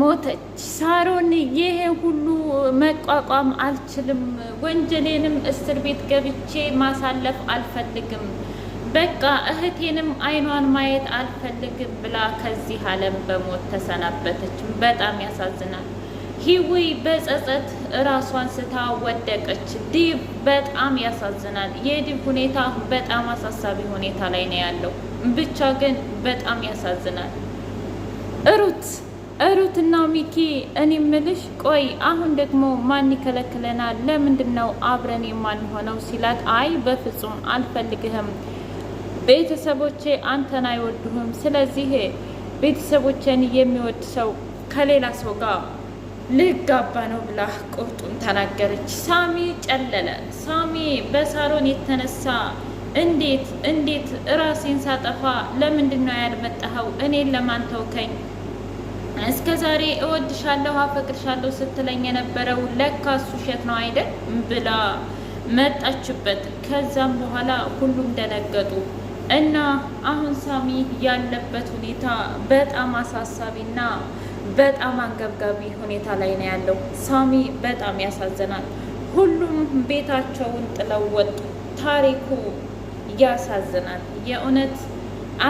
ሞተች። ሳሮን ይሄ ሁሉ መቋቋም አልችልም፣ ወንጀሌንም እስር ቤት ገብቼ ማሳለፍ አልፈልግም፣ በቃ እህቴንም አይኗን ማየት አልፈልግም ብላ ከዚህ ዓለም በሞት ተሰናበተች። በጣም ያሳዝናል። ሂዊ በጸጸት ራሷን ስታ ወደቀች። ዲብ በጣም ያሳዝናል። የዲብ ሁኔታ በጣም አሳሳቢ ሁኔታ ላይ ነው ያለው። ብቻ ግን በጣም ያሳዝናል እሩት እሩትና ሚኪ እኔ ምልሽ ቆይ አሁን ደግሞ ማን ይከለክለናል? ለምንድን ነው አብረን የማንሆነው ሲላት፣ አይ በፍጹም አልፈልግህም፣ ቤተሰቦቼ አንተን አይወዱህም። ስለዚህ ቤተሰቦቼን የሚወድ ሰው ከሌላ ሰው ጋር ልጋባ ነው ብላ ቁርጡን ተናገረች። ሳሚ ጨለለ። ሳሚ በሳሎን የተነሳ እንዴት እንዴት እራሴን ሳጠፋ ለምንድን ነው ያልመጣኸው? እኔን ለማን ተውከኝ እስከ ዛሬ እወድሻለሁ አፈቅርሻለሁ ስትለኝ የነበረው ለካ እሱ ውሸት ነው አይደል ብላ መጣችበት። ከዛም በኋላ ሁሉም ደነገጡ እና አሁን ሳሚ ያለበት ሁኔታ በጣም አሳሳቢና በጣም አንገብጋቢ ሁኔታ ላይ ነው ያለው። ሳሚ በጣም ያሳዝናል። ሁሉም ቤታቸውን ጥለው ወጡ። ታሪኩ ያሳዝናል። የእውነት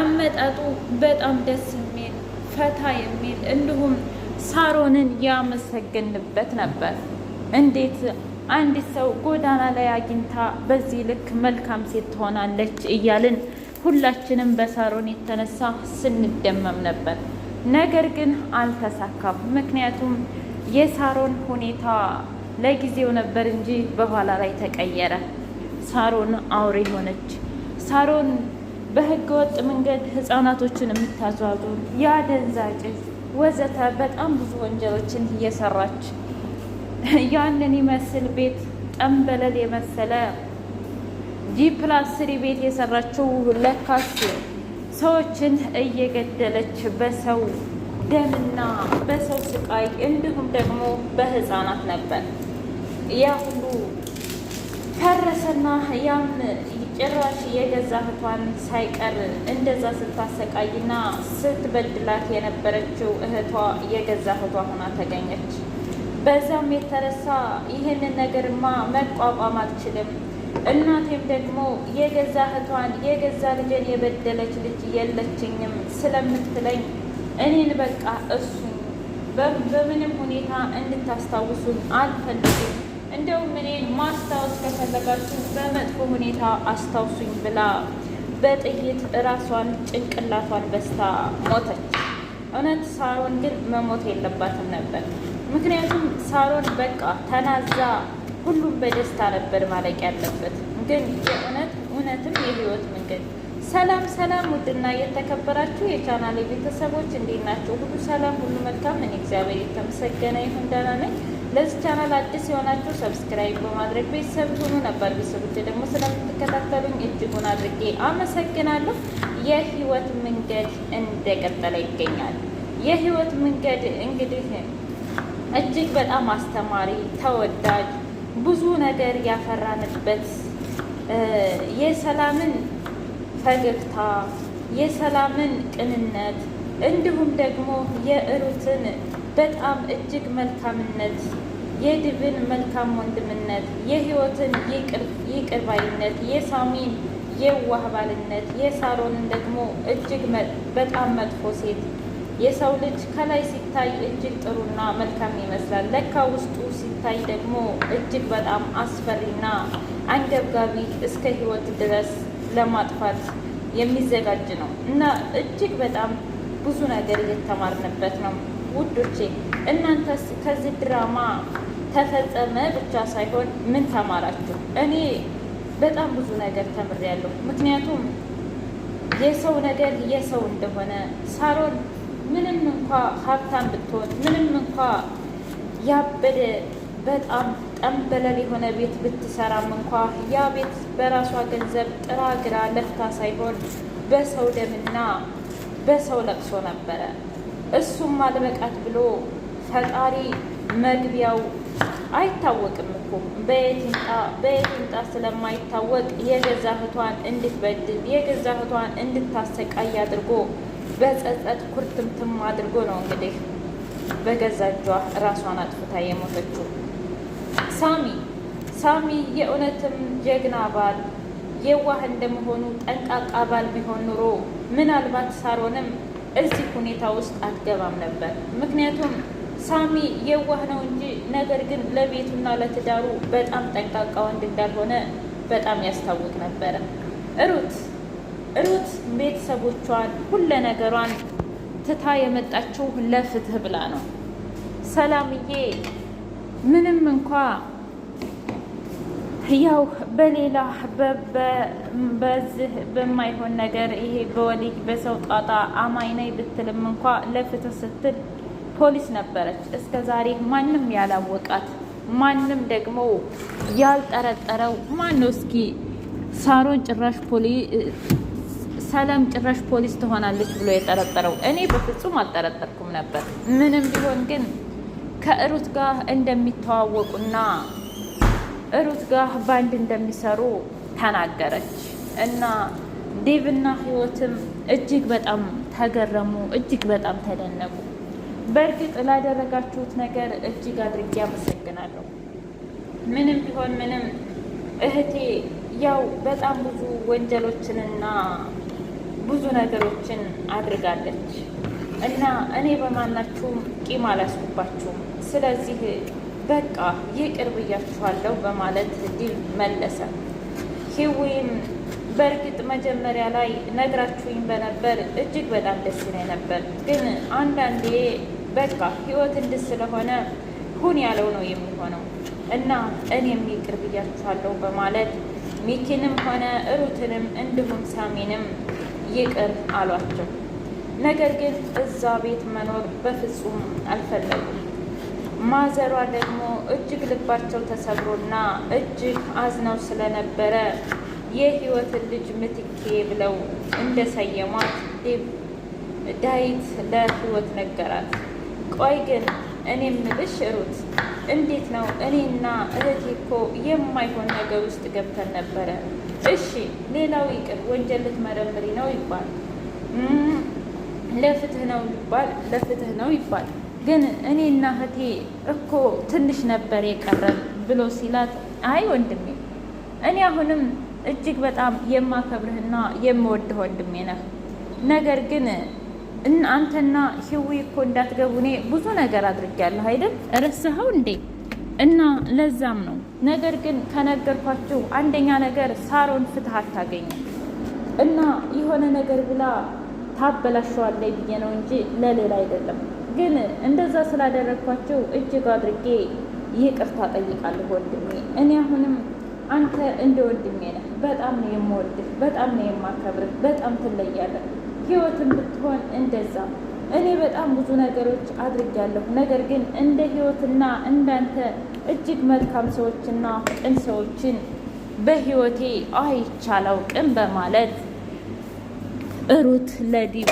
አመጣጡ በጣም ደስ የሚል ፈታ የሚል እንዲሁም ሳሮንን ያመሰገንበት ነበር። እንዴት አንዲት ሰው ጎዳና ላይ አግኝታ በዚህ ልክ መልካም ሴት ትሆናለች እያልን ሁላችንም በሳሮን የተነሳ ስንደመም ነበር። ነገር ግን አልተሳካም። ምክንያቱም የሳሮን ሁኔታ ለጊዜው ነበር እንጂ በኋላ ላይ ተቀየረ። ሳሮን አውሬ ሆነች። ሳሮን በህገወጥ መንገድ ህፃናቶችን የምታዟዙር ያደንዛጭ ወዘተ በጣም ብዙ ወንጀሎችን እየሰራች ያንን ይመስል ቤት ጠንበለል የመሰለ ጂ ፕላስ ስሪ ቤት የሰራችው ለካስ ሰዎችን እየገደለች በሰው ደምና በሰው ስቃይ እንዲሁም ደግሞ በህፃናት ነበር ያ ሁሉ ፈረሰና ያም ጭራሽ የገዛ እህቷን ሳይቀር እንደዛ ስታሰቃይና ስትበድላት የነበረችው እህቷ የገዛ እህቷ ሆና ተገኘች። በዛም የተነሳ ይህንን ነገርማ መቋቋም አልችልም፣ እናቴም ደግሞ የገዛ እህቷን የገዛ ልጄን የበደለች ልጅ የለችኝም ስለምትለኝ እኔን በቃ እሱ በምንም ሁኔታ እንድታስታውሱን አልፈልግም እንደውም እኔን ማስታወስ ከፈለጋችሁ በመጥፎ ሁኔታ አስታውሱኝ ብላ በጥይት እራሷን ጭንቅላቷን በስታ ሞተች። እውነት ሳሮን ግን መሞት የለባትም ነበር። ምክንያቱም ሳሮን በቃ ተናዛ፣ ሁሉም በደስታ ነበር ማለቅ ያለበት። ግን የእውነት እውነትም የህይወት መንገድ ሰላም ሰላም! ውድና የተከበራችሁ የቻናል ቤተሰቦች እንዴት ናቸው? ሁሉ ሰላም፣ ሁሉ መልካም። እኔ እግዚአብሔር የተመሰገነ ይሁን ደህና ነኝ። ለዚህ ቻናል አዲስ የሆናችሁ ሰብስክራይብ በማድረግ ቤተሰብ ሁኑ። ነባር ቤተሰቦች ደግሞ ስለምትከታተሉኝ እጅጉን አድርጌ አመሰግናለሁ። የህይወት መንገድ እንደቀጠለ ይገኛል። የህይወት መንገድ እንግዲህ እጅግ በጣም አስተማሪ፣ ተወዳጅ ብዙ ነገር ያፈራንበት የሰላምን ፈገግታ የሰላምን ቅንነት እንዲሁም ደግሞ የእሩትን በጣም እጅግ መልካምነት፣ የድብን መልካም ወንድምነት፣ የህይወትን ይቅር ባይነት፣ የሳሚን የዋህ ባልነት፣ የሳሮንን ደግሞ እጅግ በጣም መጥፎ ሴት። የሰው ልጅ ከላይ ሲታይ እጅግ ጥሩና መልካም ይመስላል። ለካ ውስጡ ሲታይ ደግሞ እጅግ በጣም አስፈሪና አንገብጋቢ እስከ ህይወት ድረስ ለማጥፋት የሚዘጋጅ ነው እና እጅግ በጣም ብዙ ነገር እየተማርንበት ነው። ውዶቼ እናንተስ ከዚህ ድራማ ተፈጸመ ብቻ ሳይሆን ምን ተማራችሁ? እኔ በጣም ብዙ ነገር ተምሬያለሁ። ምክንያቱም የሰው ነገር የሰው እንደሆነ ሳሮን ምንም እንኳ ሀብታም ብትሆን ምንም እንኳ ያበደ በጣም ጠንበለል የሆነ ቤት ብትሰራም እንኳ ያ ቤት በራሷ ገንዘብ ጥራ ግራ ለፍታ ሳይሆን በሰው ደምና በሰው ለቅሶ ነበረ። እሱም አልበቃት ብሎ ፈጣሪ መግቢያው አይታወቅም እኮ በየትንጣ በየትንጣ ስለማይታወቅ የገዛ ህቷን እንድትበድል የገዛ ህቷን እንድታሰቃይ አድርጎ በጸጸት ኩርትምትም አድርጎ ነው እንግዲህ በገዛ እጇ ራሷን አጥፍታ የሞተችው። ሳሚ ሳሚ የእውነትም ጀግና ባል የዋህ እንደመሆኑ ጠንቃቃ ባል ቢሆን ኑሮ ምናልባት ሳሮንም እዚህ ሁኔታ ውስጥ አትገባም ነበር። ምክንያቱም ሳሚ የዋህ ነው እንጂ ነገር ግን ለቤቱና ለትዳሩ በጣም ጠንቃቃ ወንድ እንዳልሆነ በጣም ያስታውቅ ነበረ። ሩት ሩት ቤተሰቦቿን ሁለ ነገሯን ትታ የመጣችው ለፍትህ ብላ ነው። ሰላምዬ ምንም እንኳ ያው በሌላ በዚህ በማይሆን ነገር ይሄ በወሊድ በሰው ጣጣ አማኝ ነኝ ብትልም እንኳ ለፍትህ ስትል ፖሊስ ነበረች። እስከ ዛሬ ማንም ያላወቃት ማንም ደግሞ ያልጠረጠረው ነው? እስኪ ሳሮን ጭራሽ ፖሊ ሰላም ጭራሽ ፖሊስ ትሆናለች ብሎ የጠረጠረው እኔ በፍጹም አልጠረጠርኩም ነበር። ምንም ቢሆን ግን ከእሩት ጋር እንደሚተዋወቁና ሩት ጋር ባንድ እንደሚሰሩ ተናገረች እና ዴቭና ህይወትም እጅግ በጣም ተገረሙ፣ እጅግ በጣም ተደነቁ። በእርግጥ ላደረጋችሁት ነገር እጅግ አድርጌ አመሰግናለሁ። ምንም ቢሆን ምንም እህቴ ያው በጣም ብዙ ወንጀሎችንና ብዙ ነገሮችን አድርጋለች እና እኔ በማናችሁም ቂም አላስኩባችሁም። ስለዚህ በቃ የቅርብ ብያችኋለሁ በማለት ዲል መለሰ። ሂዊም በእርግጥ መጀመሪያ ላይ ነግራችሁኝ በነበር እጅግ በጣም ደስ ይለኝ ነበር፣ ግን አንዳንዴ በቃ ህይወት እንድ ስለሆነ ሁን ያለው ነው የሚሆነው እና እኔም ይቅር ብያችኋለሁ በማለት ሚኪንም ሆነ ሩትንም እንዲሁም ሳሚንም ይቅር አሏቸው። ነገር ግን እዛ ቤት መኖር በፍጹም አልፈለጉም። ማዘሯ ደግሞ እጅግ ልባቸው ተሰብሮና እጅግ አዝነው ስለነበረ የህይወትን ልጅ ምትኬ ብለው እንደሰየሟት ዳዊት ለህይወት ነገራት። ቆይ ግን እኔ ምልሽ ሩት፣ እንዴት ነው እኔና እህቴ እኮ የማይሆን ነገር ውስጥ ገብተን ነበረ። እሺ ሌላው ይቅር፣ ወንጀል ልትመረምሪ ነው ይባል፣ ለፍትህ ነው ይባል፣ ለፍትህ ነው ይባል ግን እኔና እህቴ እኮ ትንሽ ነበር የቀረን ብሎ ሲላት፣ አይ ወንድሜ እኔ አሁንም እጅግ በጣም የማከብርህና የምወድህ ወንድሜ ነህ። ነገር ግን አንተና ህዊ እኮ እንዳትገቡ እኔ ብዙ ነገር አድርጌያለሁ አይደል? ረሳኸው እንዴ? እና ለዛም ነው። ነገር ግን ከነገርኳችሁ አንደኛ ነገር ሳሮን ፍትህ አታገኝም እና የሆነ ነገር ብላ ታበላሸዋለይ ብዬ ነው እንጂ ለሌላ አይደለም። ግን እንደዛ ስላደረግኳቸው እጅግ አድርጌ ይቅርታ ጠይቃለሁ ወንድሜ። እኔ አሁንም አንተ እንደ ወንድሜ ነህ። በጣም ነው የምወድህ፣ በጣም ነው የማከብርህ። በጣም ትለያለህ። ህይወትን ብትሆን እንደዛ እኔ በጣም ብዙ ነገሮች አድርጊያለሁ። ነገር ግን እንደ ህይወትና እንዳንተ እጅግ መልካም ሰዎችና ቅን ሰዎችን በህይወቴ አይቻላውቅም በማለት ሩት ለዲብ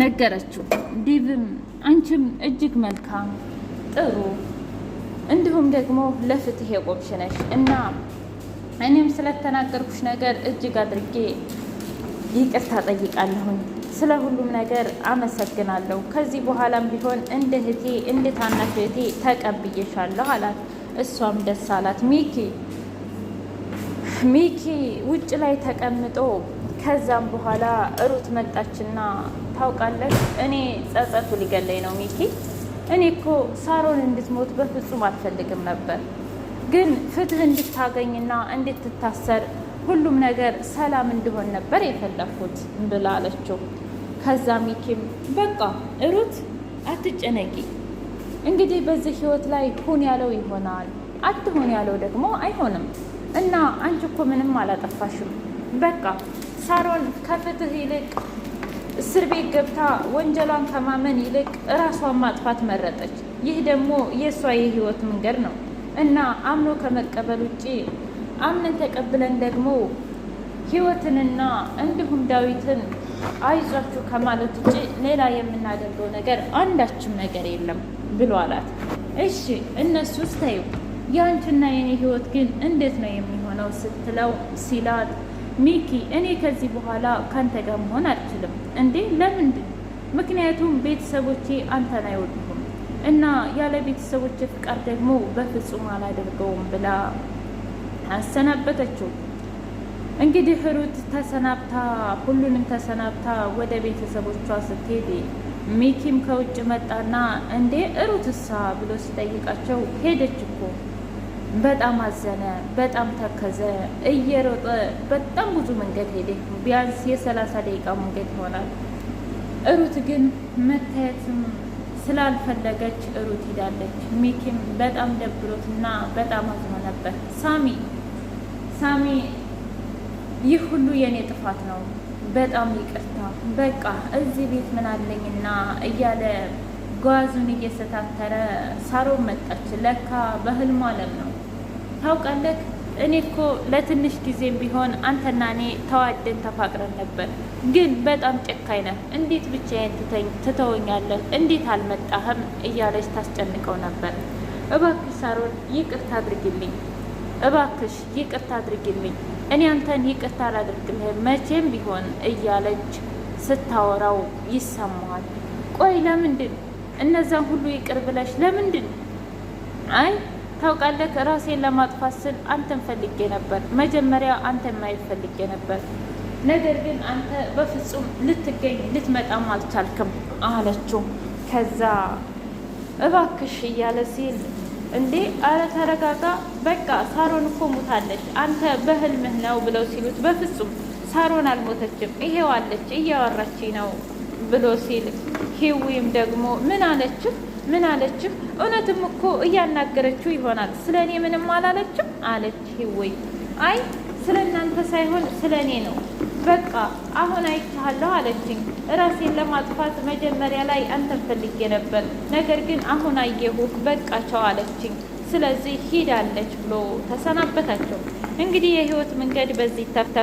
ነገረችው። ዲብም አንቺም እጅግ መልካም ጥሩ፣ እንዲሁም ደግሞ ለፍትህ የቆምሽ ነሽ እና እኔም ስለተናገርኩሽ ነገር እጅግ አድርጌ ይቅርታ ጠይቃለሁኝ። ስለ ሁሉም ነገር አመሰግናለሁ። ከዚህ በኋላም ቢሆን እንደ እህቴ እንደ ታናሽ እህቴ ተቀብዬሻለሁ አላት። እሷም ደስ አላት። ሚኪ ሚኪ ውጭ ላይ ተቀምጦ ከዛም በኋላ ሩት መጣችና ታውቃለች፣ እኔ ጸጸቱ ሊገለኝ ነው ሚኪ። እኔ እኮ ሳሮን እንድትሞት በፍጹም አልፈልግም ነበር፣ ግን ፍትህ እንድታገኝና እንድትታሰር ሁሉም ነገር ሰላም እንዲሆን ነበር የፈለግኩት ብላ አለችው። ከዛ ሚኪም በቃ ሩት አትጨነቂ፣ እንግዲህ በዚህ ህይወት ላይ ሁን ያለው ይሆናል፣ አትሁን ያለው ደግሞ አይሆንም እና አንቺ እኮ ምንም አላጠፋሽም በቃ ሳሮን ከፍትህ ይልቅ እስር ቤት ገብታ ወንጀሏን ከማመን ይልቅ እራሷን ማጥፋት መረጠች። ይህ ደግሞ የእሷ የህይወት መንገድ ነው እና አምኖ ከመቀበል ውጭ አምነን ተቀብለን ደግሞ ህይወትንና እንዲሁም ዳዊትን አይዟችሁ ከማለት ውጭ ሌላ የምናደርገው ነገር አንዳችም ነገር የለም ብሎ አላት። እሺ እነሱ ስታዩ የአንችና የኔ ህይወት ግን እንዴት ነው የሚሆነው ስትለው ሲላት ሚኪ እኔ ከዚህ በኋላ ካንተ ጋር መሆን አልችልም። እንዴ ለምን ምክንያቱም ቤተሰቦቼ አንተን አይወዱሁም እና ያለ ቤተሰቦች ፍቃድ ደግሞ በፍጹም አላደርገውም ብላ አሰናበተችው። እንግዲህ ሩት ተሰናብታ ሁሉንም ተሰናብታ ወደ ቤተሰቦቿ ስትሄድ ሚኪም ከውጭ መጣና እንዴ ሩትሳ ብሎ ሲጠይቃቸው ሄደች እኮ በጣም አዘነ፣ በጣም ተከዘ። እየሮጠ በጣም ብዙ መንገድ ሄደ። ቢያንስ የሰላሳ ደቂቃ መንገድ ይሆናል። ሩት ግን መታየትም ስላልፈለገች ሩት ሄዳለች። ሚኪም በጣም ደብሮት እና በጣም አዝኖ ነበር። ሳሚ ሳሚ ይህ ሁሉ የእኔ ጥፋት ነው፣ በጣም ይቅርታ፣ በቃ እዚህ ቤት ምን አለኝና እያለ ጓዙን እየሰታተረ ሳሮን መጣች። ለካ በህልሙ አለም ነው ታውቃለህ፣ እኔ እኮ ለትንሽ ጊዜም ቢሆን አንተና እኔ ተዋደን ተፋቅረን ነበር። ግን በጣም ጨካኝ ነህ። እንዴት ብቻዬን ትተወኛለህ? እንዴት አልመጣህም? እያለች ታስጨንቀው ነበር። እባክሽ ሳሮን ይቅርታ አድርግልኝ፣ እባክሽ ይቅርታ አድርግልኝ፣ እኔ አንተን ይቅርታ አላደርግልህም መቼም ቢሆን እያለች ስታወራው ይሰማዋል። ቆይ ለምንድን እነዛን ሁሉ ይቅር ብለሽ ለምንድን አይ ታውቃለህ፣ ራሴን ለማጥፋት ስል አንተን ፈልጌ ነበር። መጀመሪያ አንተን ማየት ፈልጌ ነበር፣ ነገር ግን አንተ በፍጹም ልትገኝ ልትመጣም አልቻልክም አለችው። ከዛ እባክሽ እያለ ሲል እንዴ አረ ተረጋጋ፣ በቃ ሳሮን እኮ ሙታለች፣ አንተ በህልምህ ነው ብለው ሲሉት በፍጹም ሳሮን አልሞተችም፣ አለች እያወራች ነው ብሎ ሲል ሂዊም ደግሞ ምን አለችህ ምን አለችህ? እውነትም እኮ እያናገረችው ይሆናል። ስለ እኔ ምንም አላለችም አለች። ወይ አይ ስለ እናንተ ሳይሆን ስለ እኔ ነው። በቃ አሁን አይቻለሁ አለችኝ። እራሴን ለማጥፋት መጀመሪያ ላይ አንተን ፈልጌ ነበር፣ ነገር ግን አሁን አየሁህ፣ በቃቸው አለችኝ። ስለዚህ ሂዳለች ብሎ ተሰናበታቸው። እንግዲህ የህይወት መንገድ በዚህ ተፍተ